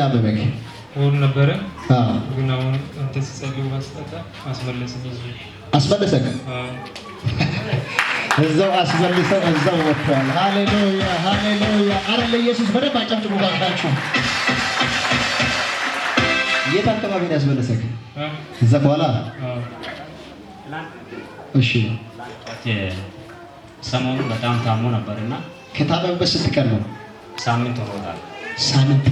ያመመኝ ሁሉ ነበረ። አዎ ግን አሁን አንተ ስትጸልይ ባስጠጣ እዛው አስመልሰው እዛው ወጥተዋል። ሃሌሉያ ሃሌሉያ። አረ ለኢየሱስ በደንብ አጨብጭቡ ባካችሁ። የት አካባቢ ነው ያስመለሰክ? እዛ በኋላ እሺ። ሰሞኑ በጣም ታሞ ነበርና ከታመመበት ስትቀር ነው ሳምንት ሆኖታል። ሳምንት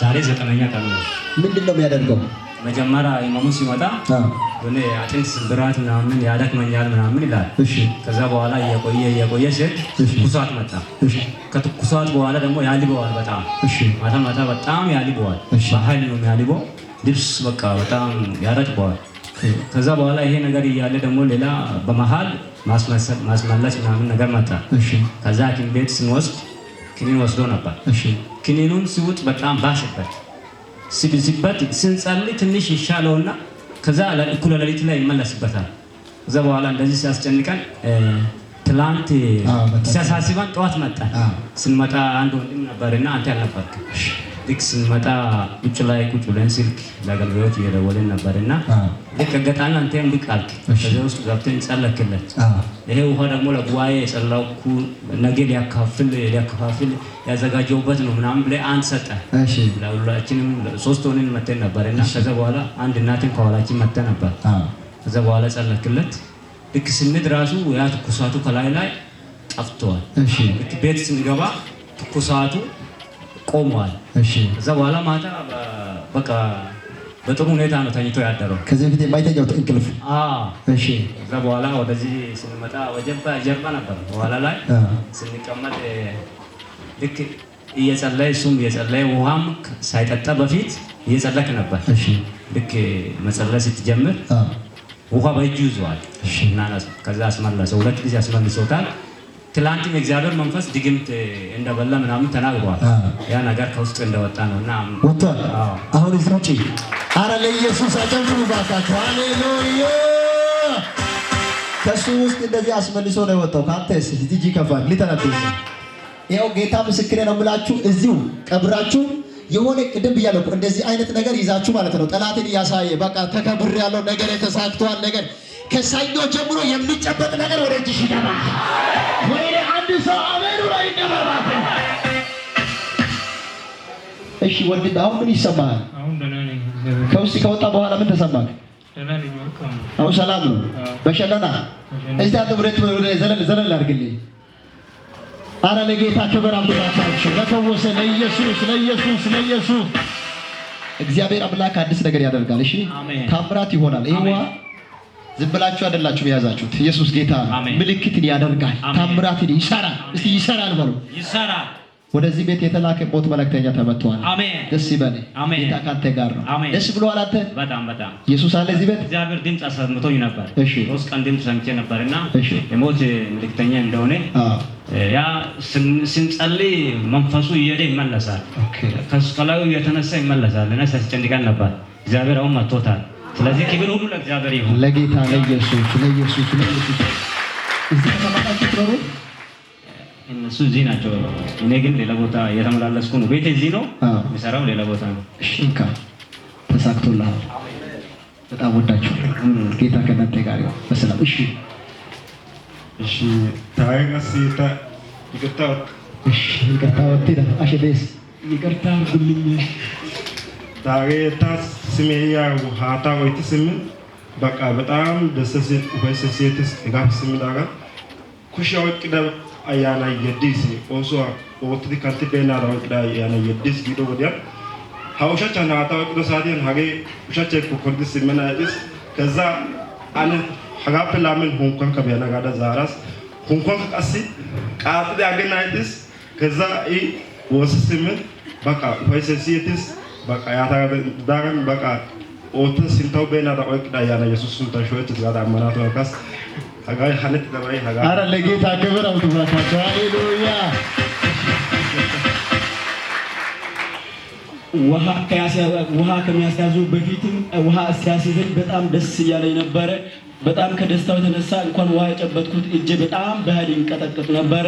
ዛሬ ዘጠነኛ ቀኑ ነው። ምንድን ነው የሚያደርገው? መጀመሪያ ኢማሙ ሲመጣ አጥንት ስብራት ምናምን ያደክመኛል ምናምን ይላል። ከዛ በኋላ እየቆየ እየቆየ ሲሄድ ትኩሳት መጣ። ከትኩሳት በኋላ ደግሞ ያልበዋል በጣም ማታ ማታ በጣም ያሊበዋል። በኃይል ነው ያልበው ልብስ በቃ በጣም ያረጥበዋል። ከዛ በኋላ ይሄ ነገር እያለ ደግሞ ሌላ በመሀል ማስመለስ ምናምን ነገር መጣ። ከዛ ሐኪም ቤት ስንወስድ ክኒን ወስዶ ነበር። ክኒኑን ሲውጥ በጣም ባሽበት ሲብዝበት ስንጸልይ ትንሽ ይሻለውና ከዛ እኩለ ሌሊት ላይ ይመለስበታል። ከዛ በኋላ እንደዚህ ሲያስጨንቀን ትላንት ሲያሳስበን ጠዋት መጣ። ስንመጣ አንድ ወንድም ነበርና አንተ ያልነበርክ ልክ ስንመጣ ውጭ ላይ ቁጭ ብለን ስልክ ለአገልጋዮች እየደወልን ነበር እና ልክ ገጣና አንተም ብቅ አልክ። ከዚያ ውስጥ ገብተን ጸለክለት። ይሄ ውሃ ደግሞ ለጉባኤ የጸለኩ ነገ ሊያካፍል ሊያከፋፍል ያዘጋጀውበት ነው ምናምን ብለህ አንድ ሰጠ። ለሁላችንም ሶስት ሆንን መተን ነበር እና ከዚያ በኋላ አንድ እናትን ከኋላችን መተ ነበር። ከዚያ በኋላ ጸለክለት። ልክ ስንድ ራሱ ያ ትኩሳቱ ከላይ ላይ ጠፍተዋል። ቤት ስንገባ ትኩሳቱ ቆመዋል። ከዛ በኋላ ማታ በቃ በጥሩ ሁኔታ ነው ተኝቶ ያደረው። ከዚህ በፊት የማይተኛው እንቅልፍ። እሺ። ከዛ በኋላ ወደዚህ ስንመጣ ወጀባ ጀርባ ነበር። በኋላ ላይ ስንቀመጥ ልክ እየጸለይ እሱም እየጸለይ ውሃም ሳይጠጣ በፊት እየጸለክ ነበር። ልክ መጸለይ ስትጀምር ውሃ በእጁ ይዘዋል እና ከዛ አስመለሰው። ሁለት ጊዜ አስመልሶታል። ትላንትም እግዚአብሔር መንፈስ ድግምት እንደበላ ምናምን ተናግሯል። ያ ነገር ከውስጥ እንደወጣ ነው እና ወጥቷል። አሁን እዚህ ውጪ። አረ ለኢየሱስ አጨብጭቡ ባካችሁ። ሃሌሉያ! ከሱ ውስጥ እንደዚህ አስመልሶ ነው የወጣው። ከአንተስ እጅ ይከፋል። ሊተናደኝ ያው ጌታ ምስክሬ ነው ብላችሁ እዚሁ ቀብራችሁ የሆነ ቅድም ብያለሁ። እንደዚህ አይነት ነገር ይዛችሁ ማለት ነው ጠላትን እያሳየ በቃ ተከብር ያለው ነገር የተሳክቷል ነገር ከሰኞ ጀምሮ የሚጨበጥ ነገር ወደ እጅሽ ይገባ። ወይ አንድ ሰው አሜኑ ላይ ይገባባት። እሺ ወንድም፣ አሁን ምን ይሰማሃል? ከውስጥ ከወጣ በኋላ ምን ተሰማህ? አሁን ሰላም ነው። በሸለና እዚህ አጥብረት ብረት ዘለል ዘለል አድርግልኝ። አረ ለጌታ ክብር አምጥታችሁ ለተወሰ ለኢየሱስ ለኢየሱስ ለኢየሱስ እግዚአብሔር አምላክ አዲስ ነገር ያደርጋል። እሺ ታምራት ይሆናል ይሄዋ ዝም ብላችሁ አይደላችሁ የያዛችሁት። ኢየሱስ ጌታ ምልክትን ያደርጋል፣ ታምራትን ይሰራል። እስቲ ይሰራል በሉ። ወደዚህ ቤት የተላከ ቦት መልእክተኛ ተመቷል። ደስ ይበል። ጌታ ካንተ ጋር ነው። ደስ ብሎ አላተ በጣም በጣም። ኢየሱስ አለ እዚህ ቤት። እግዚአብሔር ድምፅ አሰምቶኝ ነበር። እሺ፣ ሶስት ቀን ድምፅ ሰምቼ ነበርና የሞት መልእክተኛ እንደሆነ ያ ስንጸልይ መንፈሱ እየሄደ ይመለሳል፣ ከላዩ የተነሳ ይመለሳል እና ሲያስጨንቀን ነበር። እግዚአብሔር አሁን መጥቶታል። ስለዚህ ክብር ሁሉ ለእግዚአብሔር ይሁን፣ ለጌታ ለኢየሱስ ለኢየሱስ ለኢየሱስ። እዚህ ትኖሩ እነሱ እዚህ ናቸው። እኔ ግን ሌላ ቦታ ነው። ቤቴ እዚህ ነው፣ የሚሰራው ሌላ ቦታ ነው። እሺ እንካ ተሳክቶልሃል። በጣም ጌታ ከእናንተ ጋር ይሁን። በሰላም እሺ እሺ ይቅርታ ይቅርታ ይቅርታ ስሜያ ውሃታ ወይት ስምን በቃ በጣም ደሰሴት ወይሰሴትስ ጋፍ ስምን ዳጋ ኩሻው ቅዳ አያና የዲስ ኦሶ ኦትዲ ካንቲ ቤና ዳው ቅዳ አያና የዲስ ጊዶ ወዲያ ሀውሻቻ ናታ ቅዳ ሳዲን ሀገ ውሻቻ ኩኩርድ ስምን አይስ ከዛ አነ ሀጋፕ ላምን ሁንኮን ከበና ጋዳ ዛራስ ሁንኮን ቀሲ ቃጥ ያገና አይስ ከዛ ኢ ወስ ስምን በቃ ወይሰሴትስ በቃ ያታዳረን በቃ ኦተ ሲንተው ቤና ዳቆይ ቅዳ ያና ኢየሱስ ሱን ተሾት ጋር አመናቶ ካስ አጋይ ሐለት ደባይ ሀጋ አረ ለጌታ ክብር አውጥባታቸው ሃሌሉያ ውሃ ከሚያስያዙ በፊትም ውሃ ሲያስይዘኝ በጣም ደስ እያለኝ ነበረ። በጣም ከደስታው የተነሳ እንኳን ውሃ የጨበጥኩት እጄ በጣም በኃይል ይንቀጠቅጥ ነበረ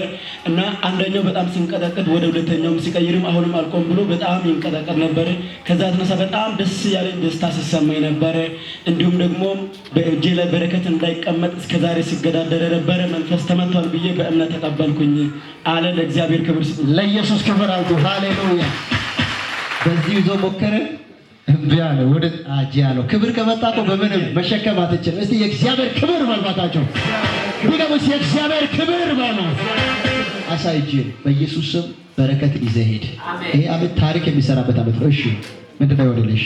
እና አንደኛው በጣም ሲንቀጠቅጥ ወደ ሁለተኛውም ሲቀይርም አሁንም አልቆም ብሎ በጣም ይንቀጠቀጥ ነበረ። ከዛ የተነሳ በጣም ደስ ያለኝ ደስታ ሲሰማኝ ነበረ። እንዲሁም ደግሞ በእጄ ላይ በረከት እንዳይቀመጥ እስከዛሬ ሲገዳደረ ነበረ። መንፈስ ተመቷል ብዬ በእምነት ተቀበልኩኝ አለ። ለእግዚአብሔር ክብር፣ ለኢየሱስ ክብር አልኩ። ሃሌሉያ በዚህ ይዞ ሞከረ እምቢ አለ። ወደ አጂ አለው። ክብር ከመጣ እኮ በምንም መሸከም አትችልም። እስቲ የእግዚአብሔር ክብር መልባታቸው ቢገሙስ የእግዚአብሔር ክብር ባሉ አሳይጄ በኢየሱስ ስም በረከት ይዘህ ሂድ። ይሄ አመት ታሪክ የሚሰራበት አመት ነው። እሺ ምንድን ነው ይሆንልሽ?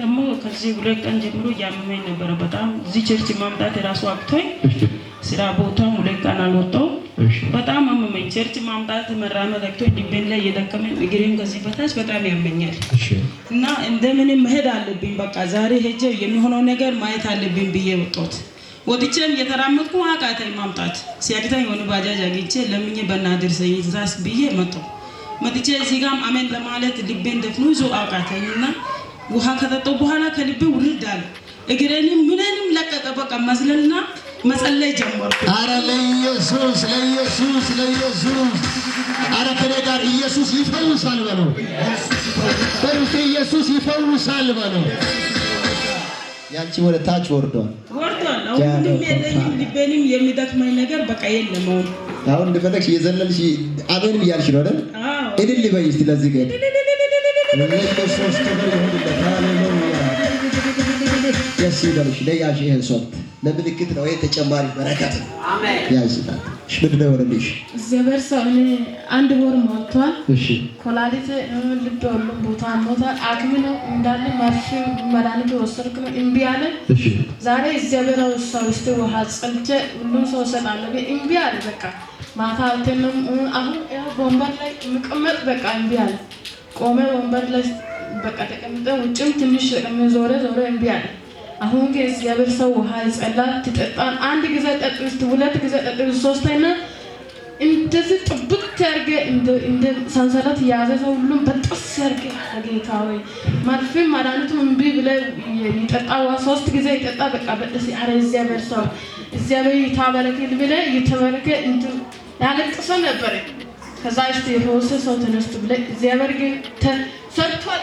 ደግሞ ከዚህ ሁለት ቀን ጀምሮ እያመመኝ ነበረ በጣም እዚህ ቸርች ማምጣት የራሱ አቅቶኝ ስራ ቦታው ሁለት ቀን አልወጣሁም። በጣም አመመኝ። ቸርች ማምጣት መራመድ አቅቶኝ ድቤን ላይ እየደቀመኝ እግሬም ከዚህ በታች በጣም ያመኛል እና እንደምንም መሄድ አለብኝ። በቃ ዛሬ ሄጄ የሚሆነው ነገር ማየት አለብኝ ብዬ ወጣሁት። ወጥቼም እየተራመድኩ አቃተኝ ማምጣት ሲያድተኝ የሆነ ባጃጅ አግኝቼ ለምኜ በእናትህ ዛስ ብዬ መጣሁ። መጥቼ እዚህ ጋርም አሜን ለማለት ልቤን ደፍኖ ይዞ አቃተኝና ውሃ ከጠጣሁ በኋላ ከልቤ ውርድ አለ። እግሬንም ምንንም ለቀቀ። በቃ መዝለልና መጸለይ ጀመርኩ። አረ ለኢየሱስ ለኢየሱስ ለኢየሱስ! አረ ከኔ ጋር ኢየሱስ ይፈውሳል በሉ፣ በሩሴ ኢየሱስ ይፈውሳል በሉ። ያንቺ ወደ ታች ወርዷል ወርዷል። አሁን ምንም የለኝም፣ ልቤንም የሚደክመኝ ነገር በቃ የለም። አሁን አሁን እንደፈለግሽ እየዘለልሽ አሜን እያልሽ ነው አይደል? እድል በይ እስቲ ለዚህ ገድ ኢየሱስ ክብር ይሁንለት። ሃሌሉያ ደስ ይበልሽ ለያሽ ይህን ሶብት ለምልክት ነው። ይሄ ተጨማሪ በረከት ነው። ያዝታል ምንድን ነው የሆነልሽ? እግዚአብሔር ሰው እኔ አንድ ወር ሞልቷል። እሺ ኮላዲት ልብ ወሉ ቦታ ሞታል። አክም ነው እንዳለ ማርሽ መድኃኒት ወሰድክ ነው እምቢ አለ። እሺ ዛሬ እግዚአብሔር ሰው ውስጥ ውሃ ጸልቼ ሁሉም ሰው ሰጣለሁ እምቢ አለ። በቃ ማታ አልተንም። አሁን ወንበር ላይ ምቀመጥ በቃ እምቢ አለ። ቆመ ወንበር ላይ በቃ ተቀምጠ ውጭም ትንሽ ዞረ ዞረ እምቢ አለ። አሁን ግን እግዚአብሔር ሰው ውሃ ይጸላት ትጠጣን። አንድ ጊዜ ጠጥብስት፣ ሁለት ጊዜ ጠጥብስት፣ ሶስተኛ እንደዚህ ጥብቅ ያርገ እንደ ሰንሰለት የያዘ ሰው ሁሉም በጥስ ያርገ ጌታ ወይ ማርፊም ማዳኒቱም እምቢ ብለ ይጠጣ ውሃ ሶስት ጊዜ ይጠጣ በቃ በጥስ አረ እግዚአብሔር ሰው እግዚአብሔር ይታበረክል ብለ እየተበረከ እንዱ ያለቅሰ ነበረ። ከዛ እስቲ የፈወሰ ሰው ተነስቶ ብለ እግዚአብሔር ግን ሰርቷል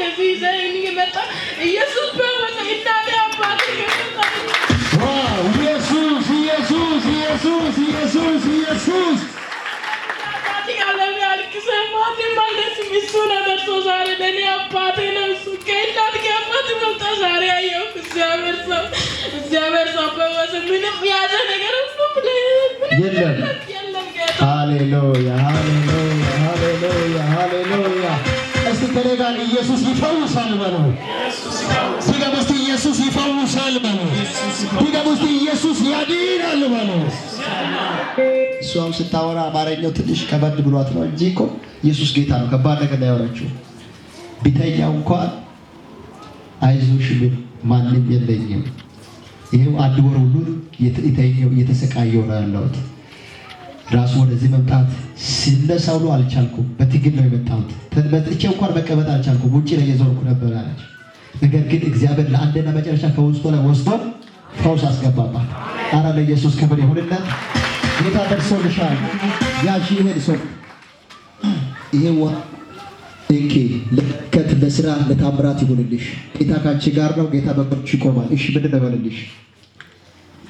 እንደዚህ ይዘን እየመጣ ኢየሱስ በሞተ እናቴ አባቴ ኢየሱስ ኢየሱስ ኢየሱስ ኢየሱስ ኢየሱስ ሃሌሉያ ሃሌሉያ ሃሌሉያ ሃሌሉያ ከኔ ጋር ኢየሱስ ይፈውሳል በለው። ድገም እስቲ ኢየሱስ ይፈውሳል በለው። ድገም እስቲ ኢየሱስ ያድናል በለው። እሷም ስታወራ አማርኛው ትንሽ ከበድ ብሏት ነው እንጂ እኮ ኢየሱስ ጌታ ነው። ከባድ ነገር ላይ ያወራችው ቢተኛው እንኳን አይዞሽ ብል ማንም የለኝም። ይሄው አንድ ወር ሁሉ የተሰቃየው ነው ያለሁት ራሱ ወደዚህ መምጣት ሲነሳውሉ አልቻልኩም። በትግል ነው የመጣሁት። መጥቼ እንኳን መቀመጥ አልቻልኩም። ውጭ ላይ የዞርኩ ነበር አለች። ነገር ግን እግዚአብሔር ለአንድና መጨረሻ ከውስጡ ላይ ወስዶ ፈውስ አስገባባት። አረ ለኢየሱስ ክብር ይሁንለት። ጌታ ደርሶልሻል። ያሺ ይሄድ ሰው ይሄ ዋ እንኪ ለከት ለስራ ለታምራት ይሁንልሽ። ጌታ ካንቺ ጋር ነው። ጌታ በቅርች ይቆማል። እሺ ምንድን ነው በልልሽ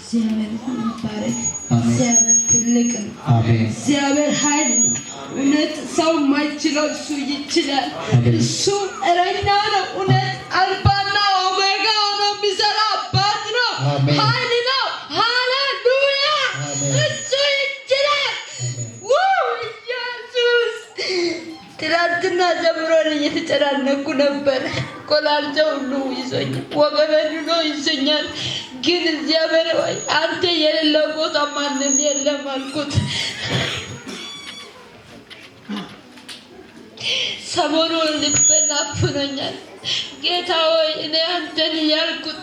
እግዚአብሔር ይባረክ። እግዚአብሔር ትልቅ ነው። እግዚአብሔር ኃይል ነው። እውነት ሰው የማይችለው እሱ ይችላል። እሱ እረኛ ነው። እውነት አልፋና ኦሜጋ ሆኖ የሚሰራ አባት ነው። ኃይል ነው። ሃሌሉያ! እሱ ይችላል። ኢየሱስ ትናንትና ጀምሮን እየተጨናነኩ ነበር። ኮላልጀ ሁሉ ይዞኛል። ወገበን ሁሉ ይዞኛል። ግን እግዚአብሔር ሆይ አንተ የሌለው ቦታ ማንም የለም አልኩት። ሰሞኑን ልቤን አፍኖኛል። ጌታ ሆይ እኔ አንተን ያልኩት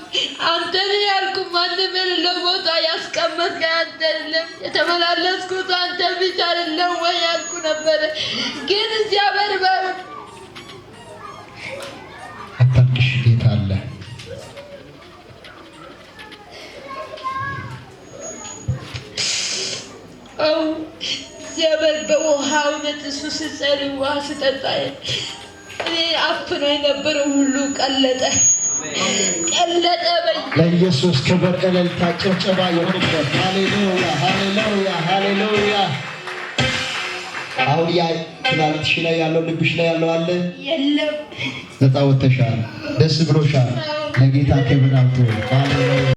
አንተን ያልኩ ማንም የሌለው ቦታ ያስቀመጥከኝ አንተ አይደለም፣ የተመላለስኩት አንተ ብቻ አይደለም ወይ ያልኩ ነበረ ግን ውሃ እውነት እሱ ስጸሪ ውሃ ስጠጣ እኔ አፍኖ የነበረው ሁሉ ቀለጠ ቀለጠ። ለኢየሱስ ክብር እልልታ፣ ጭብጨባ የሆንበት። ሃሌሉያ ሃሌሉያ ሃሌሉያ። አሁን ያ ትናንትሽ ላይ ያለው ልብሽ ላይ ያለው አለ የለም፣ ነፃ ወጥተሻል። ደስ ብሎሻል። ለጌታ ክብር